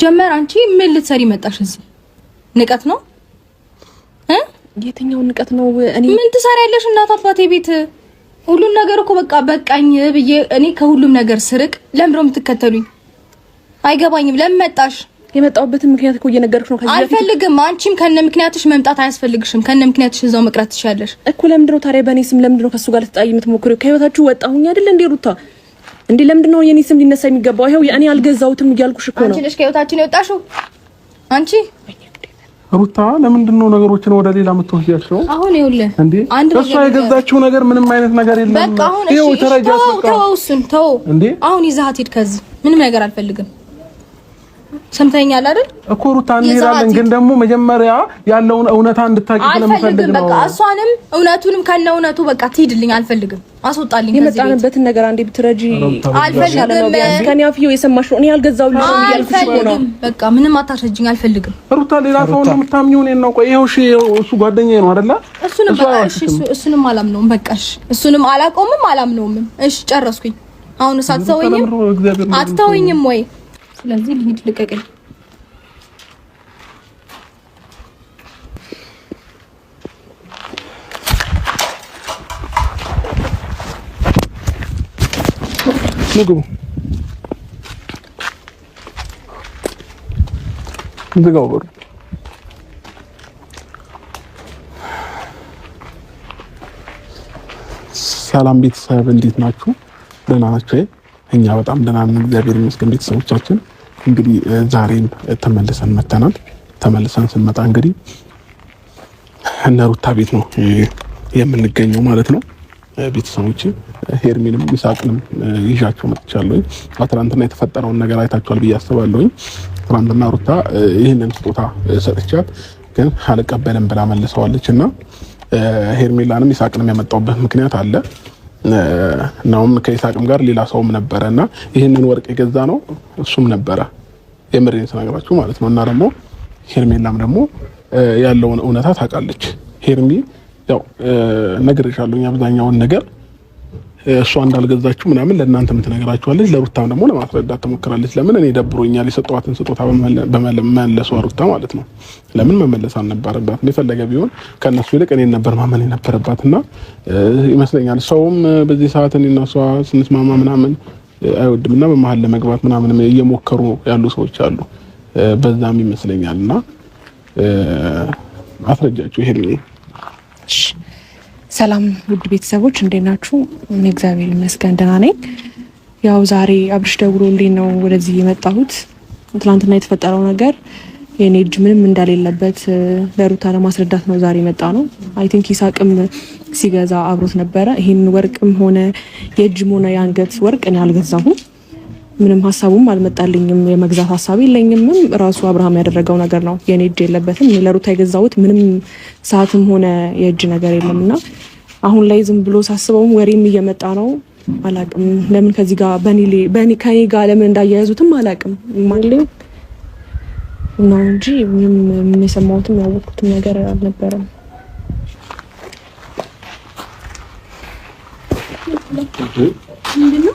ሲጀመር አንቺ ምን ልትሰሪ መጣሽ እዚህ? ንቀት ነው እ የትኛው ንቀት ነው? እኔ ምን ትሰሪያለሽ? እናት አባቴ ቤት ሁሉ ነገር እኮ በቃ በቃኝ ብዬ እኔ ከሁሉም ነገር ስርቅ ለምሮ የምትከተሉኝ? አይገባኝም። ለምን መጣሽ? የመጣሁበትን ምክንያት እኮ እየነገርኩ ነው። ከዚህ አልፈልግም። አንቺም ከነ ምክንያትሽ መምጣት አያስፈልግሽም። ከነ ምክንያትሽ እዛው መቅረት ትችያለሽ እኮ። ለምንድን ነው ታዲያ በእኔ ስም ለምንድን ነው ከሱ ጋር ልትጣይ የምትሞክሪው? ከህይወታችሁ ወጣሁኝ አይደል እንዴ ሩታ እንዴ ለምንድን ነው የኔ ስም ሊነሳ የሚገባው? ይሄው የእኔ አልገዛሁትም እያልኩሽ እኮ ነው። አንቺ ነሽ ከህይወታችን የወጣሽው አንቺ ሩታ። ለምንድን ነው ነገሮችን ወደ ሌላ የምትወስጃቸው? አሁን ይኸውልህ እንዴ እሷ የገዛችው ነገር ምንም አይነት ነገር የለም። በቃ አሁን እሺ፣ ተው ተው፣ እሱን ተው እንዴ። አሁን ይዘሃት ሂድ ከዚህ ምንም ነገር አልፈልግም። ሰምተኛል አይደል እኮ ሩታ፣ እንሄዳለን ግን ደግሞ መጀመሪያ ያለውን እውነታ እንድታቂ ስለምፈልግ ነው። በቃ እሷንም እውነቱንም ከነ እውነቱ በቃ ትሂድልኝ፣ አልፈልግም፣ አስወጣልኝ። የመጣንበትን ነገር አንዴ ብትረጂ አልፈልግም። ከኔ አፍዮ የሰማሽ ነው። ልጅ ነው አልፈልግም። በቃ ምንም አታስረጅኝ፣ አልፈልግም። ሩታ፣ ሌላ ሰው ነው የምታምኚው? እኔን ነው? ቆይ ይኸው፣ እሺ፣ እሱ ጓደኛዬ ነው አይደለ? እሱንም በቃ እሺ፣ እሱንም አላምነውም። በቃ እሺ፣ እሱንም አላቆምም፣ አላምነውም። እሺ፣ ጨረስኩኝ። አሁን እሳት አትተወኝም ወይ ስለዚህ ልሂድ፣ ልቀቀኝ። ምግቡ ዝጋው በሩ። ሰላም ቤተሰብ፣ እንዴት ናችሁ? ደህና ናችሁ? እኛ በጣም ደህና ነን፣ እግዚአብሔር ይመስገን። ቤተሰቦቻችን እንግዲህ ዛሬም ተመልሰን መተናል። ተመልሰን ስንመጣ እንግዲህ እነ ሩታ ቤት ነው የምንገኘው ማለት ነው። ቤተሰቦች ሄርሚንም ይሳቅንም ይዣቸው መጥቻለሁኝ። ትናንትና የተፈጠረውን ነገር አይታችኋል ብዬ አስባለሁኝ። ትናንትና ሩታ ይህንን ስጦታ ሰጥቻት ግን አልቀበልም ብላ መልሰዋለች እና ሄርሜላንም ይሳቅንም ያመጣውበት ምክንያት አለ እናውም ከይስሐቅም ጋር ሌላ ሰውም ነበረ እና ይህንን ወርቅ የገዛ ነው እሱም ነበረ የምሬን ስነግራችሁ ማለት ነው። እና ደግሞ ሄርሜላም ደግሞ ያለውን እውነታ ታውቃለች። ሄርሚ ያው ነግሬሻለሁኝ አብዛኛውን ነገር እሷ እንዳልገዛችሁ ምናምን ለእናንተ የምትነግራችኋለች። ለሩታም ደግሞ ለማስረዳት ትሞክራለች። ለምን እኔ ደብሮኛል የሰጠዋትን ስጦታ በመመለሷ ሩታ ማለት ነው። ለምን መመለስ አልነበረባት? የፈለገ ቢሆን ከእነሱ ይልቅ እኔን ነበር ማመን የነበረባት እና ይመስለኛል ሰውም በዚህ ሰዓት እኔና እሷ ስንስማማ ምናምን አይወድም እና በመሀል ለመግባት ምናምን እየሞከሩ ያሉ ሰዎች አሉ። በዛም ይመስለኛል እና አስረጃችሁ ይሄ ሰላም ውድ ቤተሰቦች እንዴት ናችሁ? እኔ እግዚአብሔር ይመስገን ደህና ነኝ። ያው ዛሬ አብርሽ ደውሎልኝ ነው ወደዚህ የመጣሁት። ትናንትና የተፈጠረው ነገር የኔ እጅ ምንም እንደሌለበት ለሩታ ለማስረዳት ነው ዛሬ የመጣ ነው። አይ ቲንክ ይሳቅም ሲገዛ አብሮት ነበረ። ይህን ወርቅም ሆነ የእጅም ሆነ የአንገት ወርቅ እኔ አልገዛሁም። ምንም ሀሳቡም አልመጣልኝም። የመግዛት ሀሳብ የለኝምም። ራሱ አብርሃም ያደረገው ነገር ነው። የኔ እጅ የለበትም። ለሩታ የገዛሁት ምንም ሰዓትም ሆነ የእጅ ነገር የለም እና አሁን ላይ ዝም ብሎ ሳስበውም ወሬም እየመጣ ነው። አላቅም ለምን ከዚህ ጋር በኔ ከኔ ጋር ለምን እንዳያያዙትም አላቅም ማለኝ እና እንጂ ምንም የሰማሁትም ያወቅኩትም ነገር አልነበረም። ምንድነው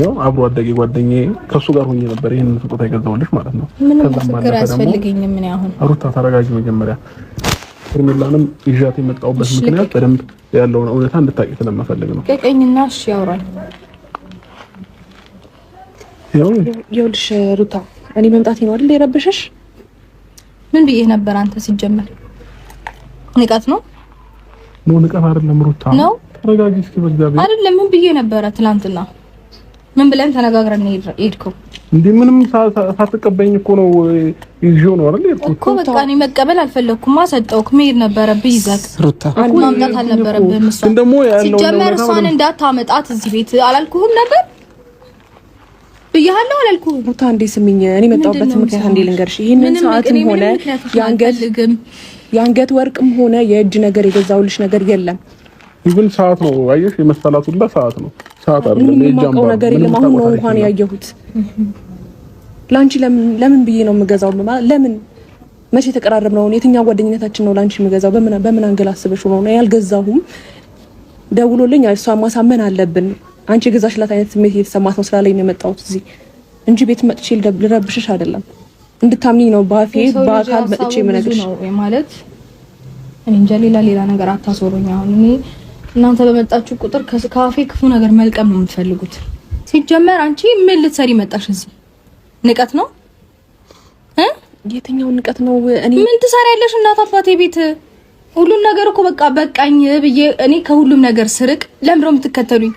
ነው አብሮ አደጌ ጓደኛዬ ከሱ ጋር ሆኜ ነበር ይሄን ስጦታ የገዛሁልሽ ማለት ነው። ከዛም ማለት አስፈልገኝም ምን አሁን ሩታ ተረጋጊ መጀመሪያ። ሄርሜላንም ይዣት የመጣሁበት ምክንያት በደንብ ያለውን እውነታ እንድታቂ ስለምፈልግ ነው። ቀቀኝና እሺ ያውራል። ይኸውልሽ ሩታ እኔ መምጣት ነው አይደል የረበሸሽ? ምን ብዬ ነበር? አንተ ሲጀመር ንቀት ነው ነው ንቀት አይደለም ሩታ ነው። ተረጋጊ እስኪ በእግዚአብሔር አይደለም ምን ብዬ ነበረ ትናንትና ምን ብለን ተነጋግረን ነው የሄድከው? እንዴ ምንም ሳትቀበኝ እኮ ነው ይዤው ነው አይደል እኮ በቃ እኔ መቀበል አልፈለኩም። ሰጠውክ መሄድ ነበረብህ። ይዘህ እኮ ማምጣት አልነበረብህም። እሷን ሲጀመር እሷን እንዳታመጣት እዚህ ቤት አላልኩህም ነበር ብያለሁ አላልኩህም? ቦታ እንዴ ስሚኝ፣ እኔ መጣሁበት ምክንያት እንዴ ልንገርሽ። ይሄንን ሰዓትም ሆነ የአንገት ወርቅም ሆነ የእጅ ነገር የገዛውልሽ ነገር የለም ይሁን ሰዓት ነው። አየሽ የመሰላት ሁላ ሰዓት ነው። ሰዓት አይደለም የጃምባ ነገር የለም። አሁን ነው እንኳን ያየሁት። ላንቺ ለምን ለምን ብዬ ነው የምገዛው? ለምን መቼ የተቀራረብ ነው? የትኛው ጓደኝነታችን ነው ላንቺ የምገዛው? በምን በምን አንገል አስበሽ ነው ነው ያልገዛሁም። ደውሎልኝ እሷ ማሳመን አለብን። አንቺ የገዛሽላት አይነት ስሜት እየተሰማት ነው ስላለኝ ነው የመጣሁት እዚህ እንጂ ቤት መጥቼ ልረብሽሽ አይደለም። እንድታምኚኝ ነው ባፌ በአካል መጥቼ የምነግርሽ ማለት እንጃ። ሌላ ሌላ ነገር አታሶሩኝ አሁን እኔ እናንተ በመጣችሁ ቁጥር ከካፌ ክፉ ነገር መልቀም ነው የምትፈልጉት። ሲጀመር አንቺ ምን ልትሰሪ መጣሽ እዚህ? ንቀት ነው እ የትኛው ንቀት ነው? እኔ ምን ትሰሪያለሽ? እናት አባቴ ቤት ሁሉም ነገር እኮ በቃ በቃኝ ብዬ እኔ ከሁሉም ነገር ስርቅ ለምንድን የምትከተሉኝ?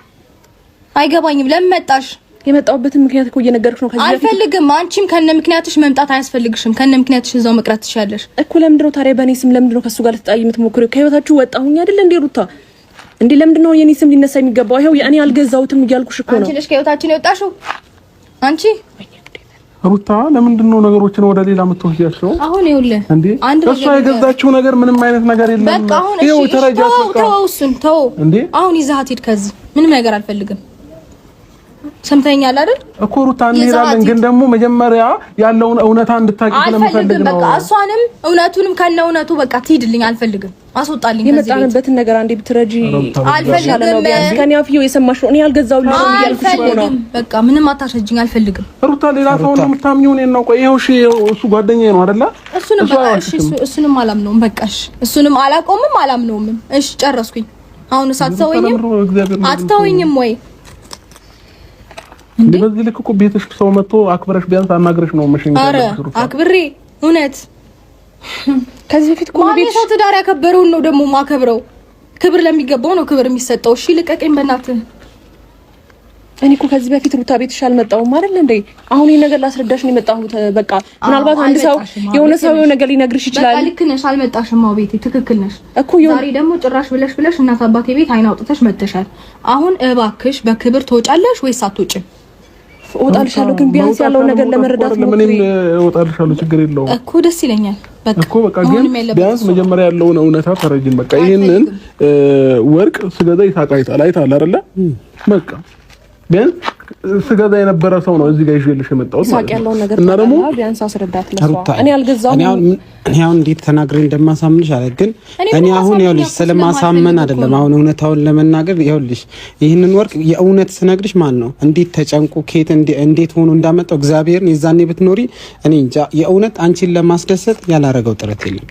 አይገባኝም። ለምን መጣሽ? የመጣሁበትን ምክንያት እኮ እየነገርኩሽ ነው። ከዚህ አልፈልግም። አንቺም ከነ ምክንያትሽ መምጣት አያስፈልግሽም። ከነ ምክንያትሽ እዛው መቅረት ትችያለሽ እኮ። ለምንድን ነው ታዲያ በእኔ ስም ለምንድን ነው ከሱ ጋር ልትጣይ የምትሞክሪው? ከህይወታችሁ ወጣሁኝ አይደል እንዴ ሩታ እንዴ ለምንድን ነው የኔ ስም ሊነሳ የሚገባው? ይሄው የእኔ አልገዛሁትም እያልኩሽ እኮ ነው። አንቺ ልጅ ከህይወታችን የወጣሽው አንቺ ሩታ ለምንድን ነው ነገሮችን ወደ ሌላ የምትወስጃቸው? አሁን ይኸውልህ እንዴ እሷ የገዛችው ነገር ምንም አይነት ነገር የለም። በቃ አሁን እሺ ተው ተው እሱን ተው እንዴ አሁን ይዛት ሂድ ከዚህ ምንም ነገር አልፈልግም። ሰምተኛል አይደል እኮ ሩታ እንሄዳለን፣ ግን ደግሞ መጀመሪያ ያለውን እውነታ እንድታቂ ስለምፈልግ ነው። በቃ እሷንም እውነቱንም ከነ እውነቱ በቃ ትሂድልኝ፣ አልፈልግም፣ አስወጣልኝ። የመጣንበትን ነገር አንዴ ብትረጂ አልፈልግም። ከኔ አፍዮ የሰማሽ ነው። እኔ ነው። አልፈልግም። በቃ ምንም አታሸጅኝ፣ አልፈልግም። ሩታ ሌላ ሰው ነው የምታምኚው? እኔን ነው። ቆይ ይኸው እሺ፣ እሱ ጓደኛዬ ነው አይደለ? እሱንም በቃ እሺ፣ እሱንም አላምነውም። በቃ እሺ፣ እሱንም አላቆምም፣ አላምነውም። እሺ፣ ጨረስኩኝ። አሁን እሳት ሰውኝም አትተውኝም ወይ በዚህ ልክ እኮ ቤትሽ ሰው መጥቶ አክብረሽ ቢያንስ አናግረሽ ነው መሸኝ። አረ አክብሬ እውነት ከዚህ በፊት እኮ ቤት ሰው ትዳር ያከበረውን ነው ደግሞ ማከብረው። ክብር ለሚገባው ነው ክብር የሚሰጠው። እሺ ልቀቀኝ በእናትህ። እኔ እኮ ከዚህ በፊት ሩታ ቤትሽ አልመጣሁም አይደል እንዴ? አሁን ይሄ ነገር ላስረዳሽ ነው የመጣሁት። በቃ ምናልባት አንድ ሰው የሆነ ሰው የሆነ ነገር ሊነግርሽ ይችላል። በቃ ልክ ነሽ፣ አልመጣሽም። አዎ ቤቴ ትክክል ነሽ እኮ። ዛሬ ደግሞ ጭራሽ ብለሽ ብለሽ እናት አባቴ ቤት አይን አውጥተሽ መጥተሻል። አሁን እባክሽ በክብር ትወጫለሽ ወይስ አትወጭም? እወጣልሻለሁ፣ ግን ቢያንስ ያለውን ነገር ለመረዳት ነው። ሞክሪ። እወጣልሻለሁ፣ ችግር የለውም እኮ ደስ ይለኛል እኮ በቃ ግን ቢያንስ መጀመሪያ ያለውን እውነታ ተረጅን። በቃ ይህንን ወርቅ ስገዛ ይታቃይታል አይታል አይደለ በቃ ግን ስገዛ የነበረ ሰው ነው እዚህ ጋር ይዤልሽ የመጣሁት ነው። እና ደግሞ አስረዳት ለሷ። እኔ አልገዛሁም። እኔ አሁን እንዴት ተናግሬ እንደማሳምንሽ አለ። ግን እኔ አሁን ይኸውልሽ፣ ስለማሳመን አይደለም አሁን እውነታውን ለመናገር ይኸውልሽ፣ ይህንን ወርቅ የእውነት ስነግርሽ ማለት ነው እንዴት ተጨንቁ ኬት እንዴት ሆኖ እንዳመጣው እግዚአብሔርን የዛኔ ብትኖሪ እኔ እንጃ። የእውነት አንቺን ለማስደሰት ያላረገው ጥረት የለም።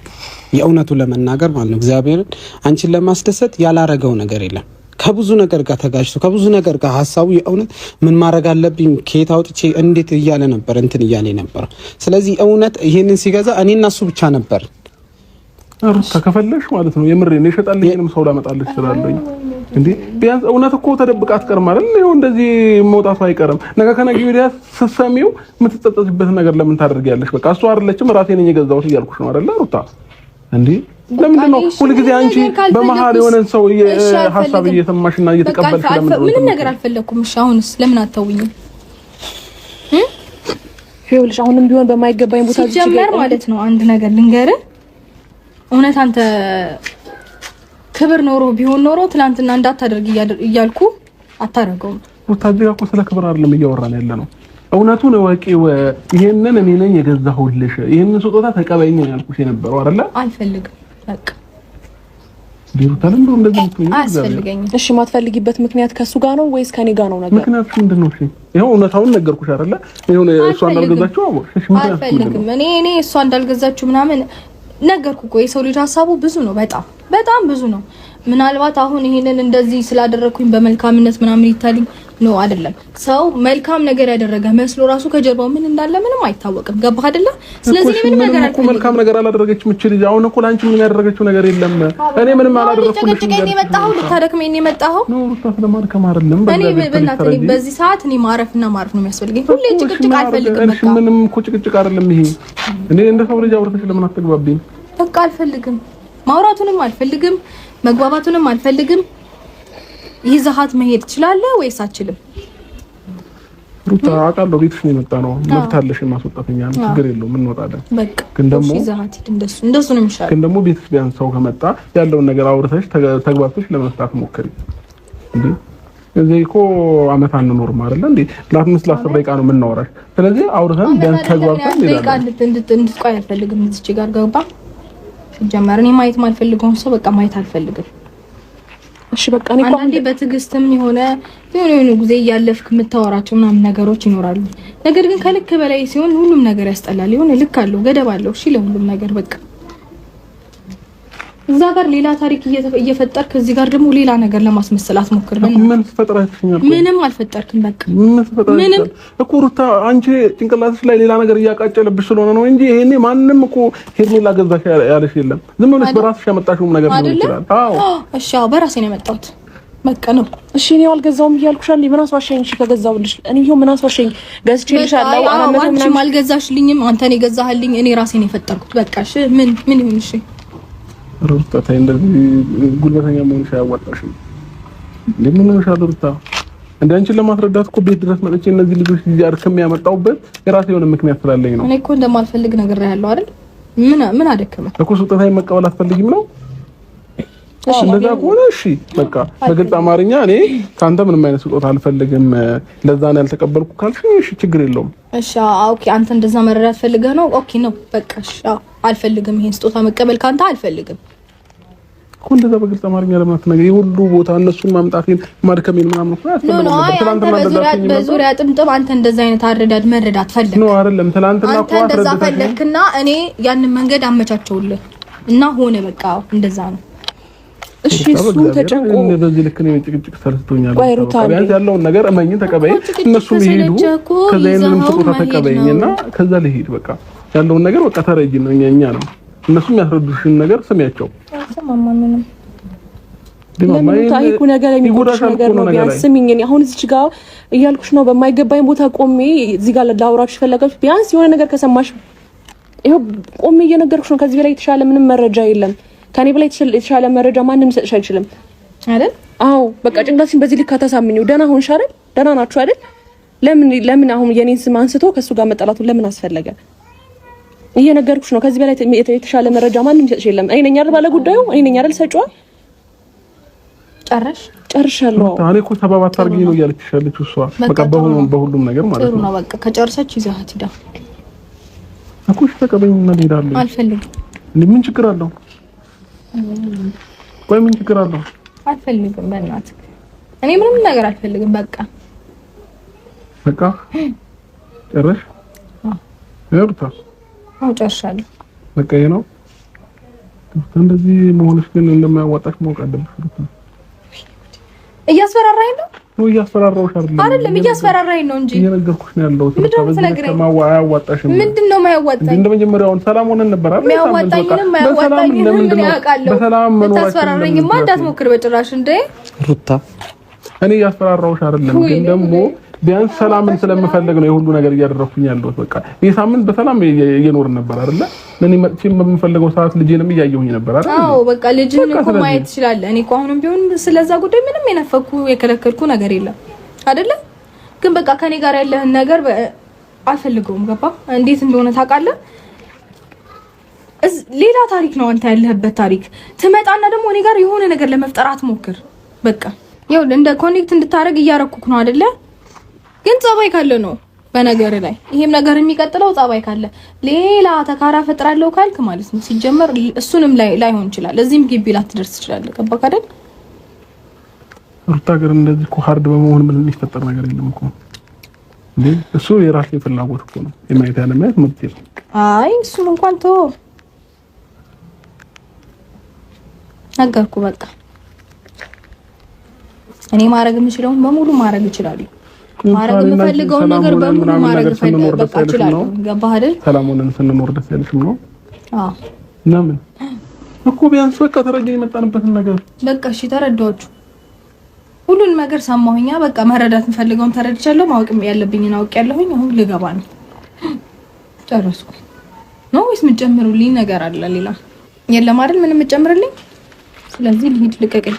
የእውነቱ ለመናገር ማለት ነው እግዚአብሔርን አንቺን ለማስደሰት ያላረገው ነገር የለም። ከብዙ ነገር ጋር ተጋጭቶ ከብዙ ነገር ጋር ሀሳቡ የእውነት ምን ማድረግ አለብኝ ከየት አውጥቼ እንዴት እያለ ነበር እንትን እያለ ነበር። ስለዚህ እውነት ይህንን ሲገዛ እኔ እና እሱ ብቻ ነበር። ሩታ ከፈለሽ ማለት ነው የምሬ ነው የሸጣልኝንም ሰው ላመጣልሽ ስላለኝ እንዴ ቢያንስ እውነት እኮ ተደብቃ አትቀርም አይደል? ይኸው እንደዚህ መውጣቱ አይቀርም። ነገ ከነገ ወዲያ ስትሰሚው የምትጸጸትበት ነገር ለምን ታደርጊያለሽ? በቃ እሱ አይደለችም ራሴ ነኝ የገዛሁት እያልኩሽ ነው አይደል ሩታ እንዴ ለምንድን ነው ሁልጊዜ አንቺ በመሀል የሆነን ሰው ሀሳብ እየሰማሽ እና እየተቀበልሽ? ምንም ነገር አልፈለኩም። እሺ አሁንስ ለምን አታውኝም? ይኸውልሽ አሁንም ቢሆን በማይገባኝ ቦታ ሲጀመር ማለት ነው። አንድ ነገር ልንገርህ፣ እውነት አንተ ክብር ኖሮ ቢሆን ኖሮ ትናንትና እንዳታደርግ እያልኩ አታደርገውም። ወታደር እኮ ስለ ክብር አይደለም እያወራን ያለ ነው። እውነቱን እወቂው። ይሄንን እኔ ነኝ የገዛሁልሽ፣ ይሄንን ስጦታ ተቀበይኝ ያልኩሽ የነበረው አይደለ? አልፈልግም ቢሩታንም ነው እንደዚህ ምትሆኝ እሺ የማትፈልጊበት ምክንያት ከሱ ጋር ነው ወይስ ከኔ ጋር ነው? ነገር ምክንያቱ ምንድን ነው? እሺ ይኸው እውነታውን ነገርኩሽ አይደለ? እሷ እንዳልገዛችሁ አልፈልግም። እኔ እኔ እሷ እንዳልገዛችሁ ምናምን ነገርኩ እኮ። የሰው ልጅ ሀሳቡ ብዙ ነው፣ በጣም በጣም ብዙ ነው። ምናልባት አሁን ይሄንን እንደዚህ ስላደረኩኝ በመልካምነት ምናምን ይታልኝ ነው አይደለም። ሰው መልካም ነገር ያደረገ መስሎ ራሱ ከጀርባው ምን እንዳለ ምንም አይታወቅም። ገባህ አይደለ? ስለዚህ ምንም ነገር አልኩ። መልካም ነገር አላደረገች እቺ ልጅ። አሁን እኮ ላንቺ ምን ያደረገችው ነገር የለም። እኔ ምንም አላደረኩኝ። ልታደክመኝ ነው የመጣኸው? እኔ በዚህ ሰዓት እኔ ማረፍና ማረፍ ነው የሚያስፈልገኝ። ሁሌ ጭቅጭቅ አልፈልግም። በቃ ምንም እኮ ጭቅጭቅ አይደለም ይሄ። እኔ እንደ ሰው ልጅ አውርተሽ ለምን አትግባብኝ? በቃ አልፈልግም። ማውራቱንም አልፈልግም፣ መግባባቱንም አልፈልግም። ይዘሃት መሄድ ትችላለህ ወይስ አችልም? ሩታ አቃ ቤትሽ ነው የመጣ ነው መብት አለሽ የማስወጣት፣ እኛ ችግር የለውም እንወጣለን። ግን ደግሞ እንደሱ እንደሱ ነው የሚሻለው። ግን ደግሞ ቤትሽ ቢያንስ ሰው ከመጣ ያለውን ነገር አውርተሽ ተግባብተሽ ለመፍታት ሞክሪ። እንዴ እዚህ እኮ አመት አንኖርም አይደለ እንዴ? ለአምስት ለአስር ደቂቃ ነው የምናወራሽ። ስለዚህ አውርተን ቢያንስ ተግባብተን እንሄዳለን። እንድትቆይ አልፈልግም። እዚች ጋር ገባ ሲጀመር እኔ ማየት ማልፈልገውን ሰው በቃ ማየት አልፈልግም። እሺ በቃ እኔ አንዴ በትዕግስትም የሆነ የሆነ የሆነ ጊዜ እያለፍክ የምታወራቸው ምናምን ነገሮች ይኖራሉ። ነገር ግን ከልክ በላይ ሲሆን ሁሉም ነገር ያስጠላል። የሆነ ልክ አለው፣ ገደብ አለው። እሺ ለሁሉም ነገር በቃ እዛ ጋር ሌላ ታሪክ እየፈጠርክ እዚህ ጋር ደግሞ ሌላ ነገር ለማስመሰል አትሞክር። ምን ፈጠራችኛል? ምንም አልፈጠርክም። በቃ ምንም እኮ ሩታ፣ አንቺ ጭንቅላትሽ ላይ ሌላ ነገር እያቃጨለብሽ ስለሆነ ነው እንጂ ይሄኔ ማንም እኮ ሄርሜላ ገዛሽ ያለሽ የለም። ዝም ብለሽ በራስሽ ያመጣሽው ነገር ነው ይችላል። አዎ፣ እሺ፣ አዎ፣ በራሴ ነው የመጣሁት። በቃ ነው እሺ። እኔ አልገዛውም እያልኩሽ እንዴ? ምን አስዋሻኝ? እሺ ከገዛውልሽ እኔ ይሁን ምን አስዋሻኝ? ገዝቼልሻለሁ። አንቺም አልገዛሽልኝም፣ አንተ ነው የገዛህልኝ። እኔ ራሴ ነው የፈጠርኩት። በቃ እሺ፣ ምን ምን ይሁን እሺ ሩታ ታይ እንደዚህ ጉልበተኛ መሆንሽ አያዋጣሽም። ለምን ነው ሩታ እንደ አንቺን ለማስረዳት እኮ ቤት ድረስ መጥቼ እነዚህ ልጆች እዚህ አድክም ያመጣሁበት የራሴ የሆነ ምክንያት ስላለኝ ነው። እኔ እኮ እንደማልፈልግ ነገር ያለው አይደል? ምን ምን አደከመ እኮ ስጦታዬ መቀበል አትፈልጊም ነው? እሺ እንደዛ ከሆነ እሺ በቃ በግልጽ አማርኛ እኔ ከአንተ ምንም አይነት ስጦታ አልፈልግም፣ ለዛ ነው ያልተቀበልኩ ካልሽ፣ እሺ ችግር የለውም። እሺ ኦኬ፣ አንተ እንደዛ መረዳት ፈልገህ ነው። ኦኬ ነው በቃ እሺ፣ አልፈልግም፣ ይሄን ስጦታ መቀበል ካንተ አልፈልግም እኮ እንደዛ በግልጽ አማርኛ ለምን አትነግሪኝ? የሁሉ ቦታ እነሱን ማምጣቴን ማድከሜን ምናምን እኮ አያስፈልግም። በዙሪያ ጥምጥም አንተ እንደዛ አይነት አረዳድ መረዳት ፈለግ ነው አይደለም? ትናንትና እኮ እንደዛ ፈለግክና እኔ ያንን መንገድ አመቻቸውልህ እና ሆነ በቃ እንደዛ ነው። እሺ እሱ ተጨንቆ በዚህ ልክ ነው ጭቅጭቅ ቢያንስ ያለውን ነገር ተቀበይ፣ ከዛ ይሄንን ስጦታ ተቀበይኝና ከዛ ልሄድ በቃ ያለውን ነገር በቃ ተረጂ ነው እኛ ነው እነሱ የሚያስረዱሽን ነገር ስሚያቸው። ታሪኩ ነገር የሚጎዳሽ ነገር ነው። ቢያንስ ስሚኝ፣ አሁን እዚች ጋር እያልኩሽ ነው። በማይገባኝ ቦታ ቆሜ እዚህ ጋር ላውራሽ ፈለጋችሁ። ቢያንስ የሆነ ነገር ከሰማሽ ይኸው ቆሜ እየነገርኩሽ ነው። ከዚህ በላይ የተሻለ ምንም መረጃ የለም። ከኔ በላይ የተሻለ መረጃ ማንም ሰጥሽ አይችልም አይደል? አዎ በቃ ጭንቅላትሽን በዚህ ልክ አታሳምኝው። ደህና ሆንሽ አይደል? ደህና ናችሁ አይደል? ለምን ለምን አሁን የኔን ስም አንስቶ ከእሱ ጋር መጠላቱ ለምን አስፈለገ? እየነገርኩሽ ነው። ከዚህ በላይ የተሻለ መረጃ ማንም ይሰጥሽ የለም። እኔ ነኝ አይደል ባለ ጉዳዩ፣ እኔ ነኝ አይደል ሰጪዋ። ጨረሽ ጨርሻለሁ። እኔ እኮ ተባባት አድርጊ ነው እያለችሽ ያለችው እሷ። በቃ በሁሉም ነገር ማለት ነው። ጥሩ ነው። በቃ ከጨርሰች ይዘሃት ሂዳ እኮ። እሺ ተቀበይኝ እና እንሄዳለን። አልፈልግም። ምን ችግር አለው? ቆይ ምን ችግር አለው? አልፈልግም። በእናትህ እኔ ምንም ነገር አልፈልግም። በቃ በቃ ጨረሽ ጨርሻለሁ። በቃ ይሄ ነው። እንደዚህ መሆንሽ ግን እንደማያዋጣሽ ማወቅ አለብሽ። እያስፈራራኝ ነው ነው እያስፈራራሁሽ አይደለም አይደለም እያስፈራራኝ ነው እንጂ እየነገርኩሽ ነው ያለው። አያዋጣሽም። ምንድን ነው የማያዋጣኝ? እንደ መጀመሪያውን ሰላም ሆነን ነበር አይደል? የሚያዋጣኝንም አያዋጣኝንም ምን ያውቃለሁ። በሰላም መኖር አስፈራራኝማ እንዳትሞክር በጭራሽ እንደ ሩታ እኔ እያስፈራራሁሽ አይደለም ግን ደግሞ ቢያንስ ሰላምን ስለምፈልግ ነው የሁሉ ነገር እያደረኩኝ ያለሁት። በቃ ይህ ሳምንት በሰላም እየኖርን ነበር አይደለ? እኔ መጥቼም በምፈልገው ሰዓት ልጄንም እያየሁኝ ነበር አይደለ? አዎ፣ በቃ ልጅን እኮ ማየት ትችላለህ። እኔ እኮ አሁንም ቢሆን ስለዛ ጉዳይ ምንም የነፈኩ የከለከልኩ ነገር የለም አይደለ? ግን በቃ ከኔ ጋር ያለህን ነገር አልፈልገውም። ገባ? እንዴት እንደሆነ ታውቃለህ። ሌላ ታሪክ ነው አንተ ያለህበት ታሪክ። ትመጣና ደግሞ እኔ ጋር የሆነ ነገር ለመፍጠር አትሞክር። በቃ ይኸውልህ እንደ ኮኔክት እንድታደርግ እያረኩክ ነው አይደለ? ግን ጸባይ ካለ ነው በነገር ላይ ይሄም ነገር የሚቀጥለው ጸባይ ካለ ሌላ ተካራ ፈጥራለሁ ካልክ ማለት ነው። ሲጀመር እሱንም ላይ ላይሆን ይችላል። እዚህም ግቢ ላትደርስ ትችላለህ። ገባህ አይደል? ታገር እንደዚህ እኮ ሀርድ በመሆን ምን የሚፈጠር ነገር የለም እኮ እንዴ። እሱ የራሴ ፍላጎት እኮ ነው። የማየት ያለ ማየት መብት አይ እሱም እንኳን ቶ ነገርኩ። በቃ እኔ ማድረግ የምችለውን በሙሉ ማድረግ እችላለሁ። ማድረግ የምፈልገውን ነገር በሙሉ ማድረግ በቃ እችላለሁ። ገባህ አይደል? ሰላሙንን ሆነን ስንኖር ደስ ያለሽም ነው። አዎ ለምን እኮ ቢያንስ በቃ ተረዳኝ። የመጣንበትን ነገር በቃ እሺ ተረዳችሁ። ሁሉን ነገር ሰማሁኛ። በቃ መረዳት የምፈልገውን ተረድቻለሁ። ማወቅ ያለብኝን አውቄያለሁኝ። አሁን ልገባ ነው። ጨረስኩ ነው ወይስ የምትጨምሩልኝ ነገር አለ ሌላ? የለም አይደል? ምንም የምትጨምርልኝ። ስለዚህ ልሂድ፣ ልቀቀኝ።